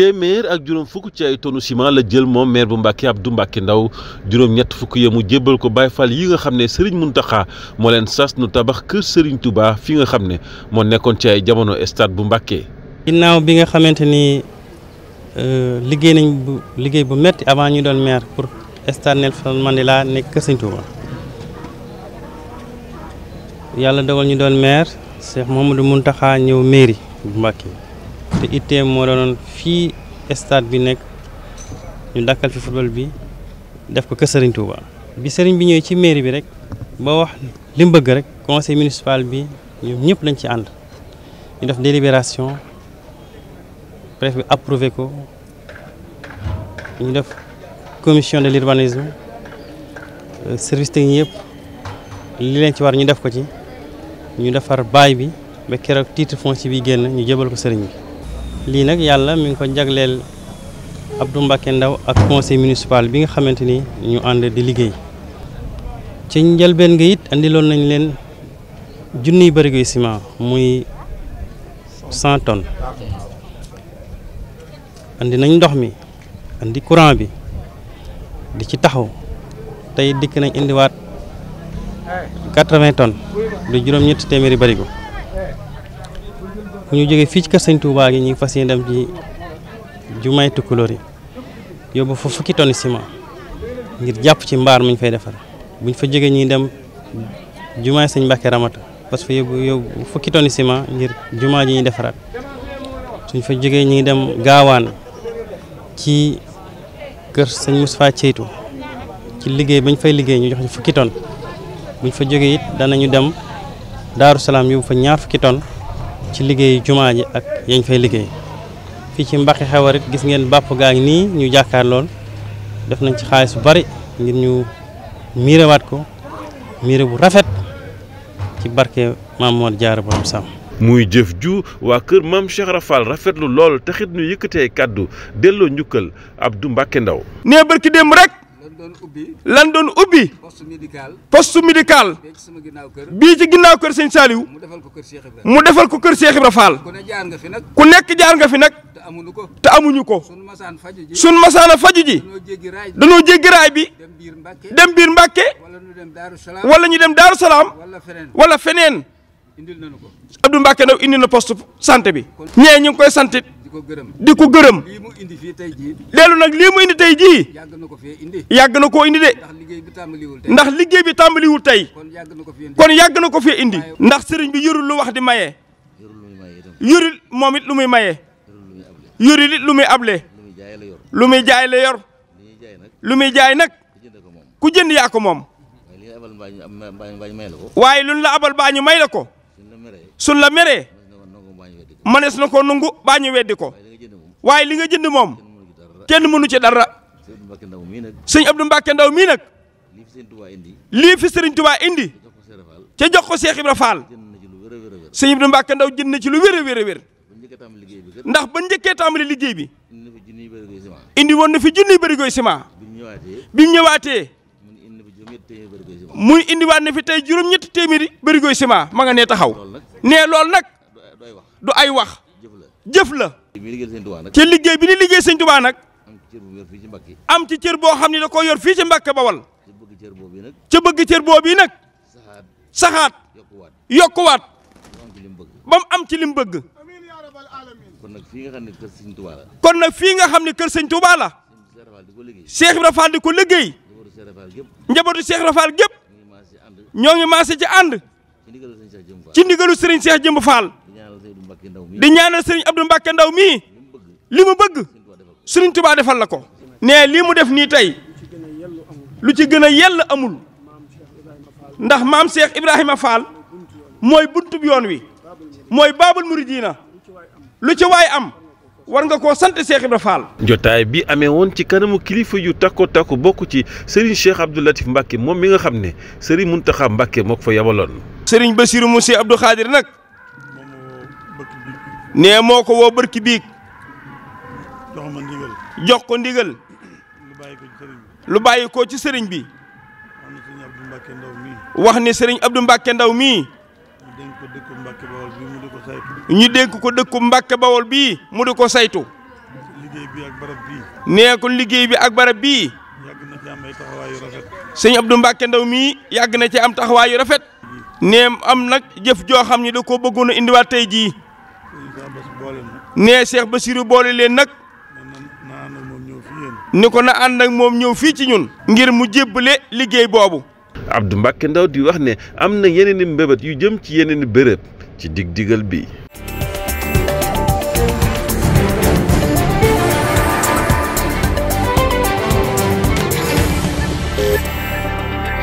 téeméer ak juróom fukk ci ay tonu ciment la jël moom maire bu Mbàkke Abdou Mbàkke Ndaw juróom ñett fukk ya mu jébbal ko Baay fal yi nga xam ne Sëriñ Muntaxa moo leen sas nu tabax kër Sëriñ Tuubaa fi nga xam ne moo nekkoon ci ay jamono stade bu Mbàkke ginnaaw bi nga xamante ni euh, liggéey nañ bu liggéey metti avant ñu doon maire pour stade Nelson laa nekk kër Sëriñ Tuubaa yàlla dogal ñu doon maire Cheikh mun Muntaxa ñëw mairie bu Mbàkke te itteem moo doonoon fii stade bi nekk ñu dakkal fi football bi def ko kër Serigne Touba. bi Serigne bi ñëw ci mairie bi rek ba wax li mu bëgg rek conseil municipal bi ñoom ñëpp lañ ci ànd ñu def délibération préfet bi approuvé ko ñu def commission de l'urbanisme euh, service technique yëpp li leen ci war ñu def ko ci ñu defar baay bi ba keroog titre foncier bi génn ñu jëbal ko sëriñ bi. li nak yalla mi ngi ko jagleel Abdou Mbacké Ndaw ak conseil municipal bi nga xamanteni ñu and di liggéey ci njëlbeen nga andi andiloon nañ leen bari barigoy ciment muy 100 tonnes andi nañ ndox mi andi courant bi di ci taxaw tay dik nañ indi quatre 80 tonnes du ñet ñetti bari barigo bu ñu jógee fii ci kër sëñ Touba gi ñu ngi fas yéene dem ci jumaay Tukulóor yi yóbbu fa fukki tonni ciment ngir jàpp ci mbaar mi fay defar buñ fa jógee ñuy dem jumaay sëñ Mbàkke Ramata parce que yóbbu yóbbu fukki tonni ciment ngir jumaa ji ñuy defaraat suñ fa jógee ñu ngi dem gaawaan ci kër sëñ Moustapha Ceytu ci liggéey bañ fay liggéey ñu jox ñu fukki ton buñ fa jógee it danañu dem Daaru Salaam yóbbu fa ñaar fukki ton ci liggéey jumaa ji ak yañ fay liggéey fii ci Mbacke Xewar it gis ngeen bàpp gaa ngi nii ñu jàkkaar lool def nañ ci xaalis bu bari ngir ñu miirewaat ko miire bu rafet ci barke Maam jaar Jaara Borom Sam muy jëf ju waa kër maam Cheikh Rafal rafetlu lool taxit ñu yëkkatee kàddu delloo njukkal ab du Mbacke Ndaw nee barki démb rek doon ubbi. lan doon ubbi. poste médical. poste médical. bii ci sama ginnaaw kër. bii ci ginnaaw kër sëñ Saliou. mu defal ko kër Cheikh Ibra. mu defal ko kër Cheikh Ibra Fall. ku ne jaar nga fi nekk jaar nga fi nag. amuñu ko. te amuñu ko. sunu masaan faju ji. sunu masaan faju ji. danoo jéggi raay bi. dem biir Mbacke. dem biir Mbacke. wala dem Daaru Salaam. wala ñu dem Daaru Salaam. wala feneen. wala feneen. indil nañu ko. Abdou Mbacke nag indi na poste santé bi. ñee ñu ngi koy santit di ko gërëm di ko gërëm. lii mu indi fii tey jii. leelu nag lii mu indi tey jii. yàgg na ko fee indi. yàgg na koo indi de. ndax liggéey bi tàmbaliwul tey. ndax liggéey bi tàmbaliwul tey. kon yàgg na ko fi indi. kon yàgg na ko fee indi. ndax sëriñ bi yorul lu wax di maye. yorul moom it lu muy maye. yorul it lu muy able. lu muy jaay la yor. lu muy jaay nag. ku jënd yaa ko moom. waaye luñ la abal baa may la ko. suñ la meree. manees na ko nungu baa ñu weddi ko waaye li nga jënd moom kenn mënu ci dara sëñ Abdou Mbacke Ndaw mii nag lii fi sëriñ Touba indi ca jox ko Cheikh Ibra Fall sëñ Abdou Mbacke Ndaw jënd na ci lu wér a wér a wér ndax ba njëkkee tàmbali liggéey bi indi woon na fi junniy bërigoy ciment bi mu ñëwaatee muy indiwaat na fi tey juróom-ñetti téeméeri bërigoy ciment ma manga nee taxaw nee lool nag. du ay wax jëf la ci liggéey bi ni liggéey seigne touba nak am ci cër bo xamni da ko yor fi ci Mbàkke Bawal ci bëgg cër boobu nak saxaat yokku wat bam am ci lim bëgg ya kon nak fi nga xamni ne kër sëñ Tuubaa la kon nag fii nga xam ne kër sëñ la Cheikh Ibra Fall di ko liggéey njabootu Cheikh rafal gep ñoo ngi maase ci and ci ndigalu sëriñ Cheikh Jëmb Fall di ñaanal sëriñ Abdou Mbacke Ndaw mii li mu bëgg sëriñ Touba defal la ko ne lii mu def nii tey lu ci gën a yell amul ndax maam seex Ibrahima Fall mooy buntub yoon wi mooy baabul muridiina lu ci waay am war nga koo sant Cheikh Ibra Fall. jotaay bi amee woon ci kanamu kilifa yu takko takku bokk ci Serigne Cheikh Abdou Latif Mbacke moom mi nga xam ne Serigne Mountakha Mbacke moo ko fa yabaloon. sëriñ Basiru mu si Abdou nag nee moo ko woo bërki biig jox ko ndigal lu bàyyi ko ci sëriñ bi wax ni sëriñ Abdou Mbacke Ndaw mii ñu dénk ko dëkku Mbacke Bawol bi mu di ko saytu nee ko liggéey bi ak barab bi sëriñ Abdou Mbacke Ndaw mii yàgg na ci am taxawaayu rafet nee am nag jëf joo xam ni da ko bëggoon a indiwaat tey jii nee Cheikh Bassirou boole leen nag ni ko na ànd ak moom ñëw fii ci ñun ngir mu jébbale liggéey boobu ab Abdou Mbacke Ndaw di wax ne am na yeneen i mbébét yu jëm ci yeneen i béréb ci dig digal bi